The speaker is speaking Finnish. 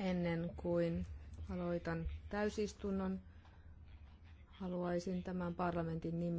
Ennen kuin aloitan täysistunnon, haluaisin tämän parlamentin nimissä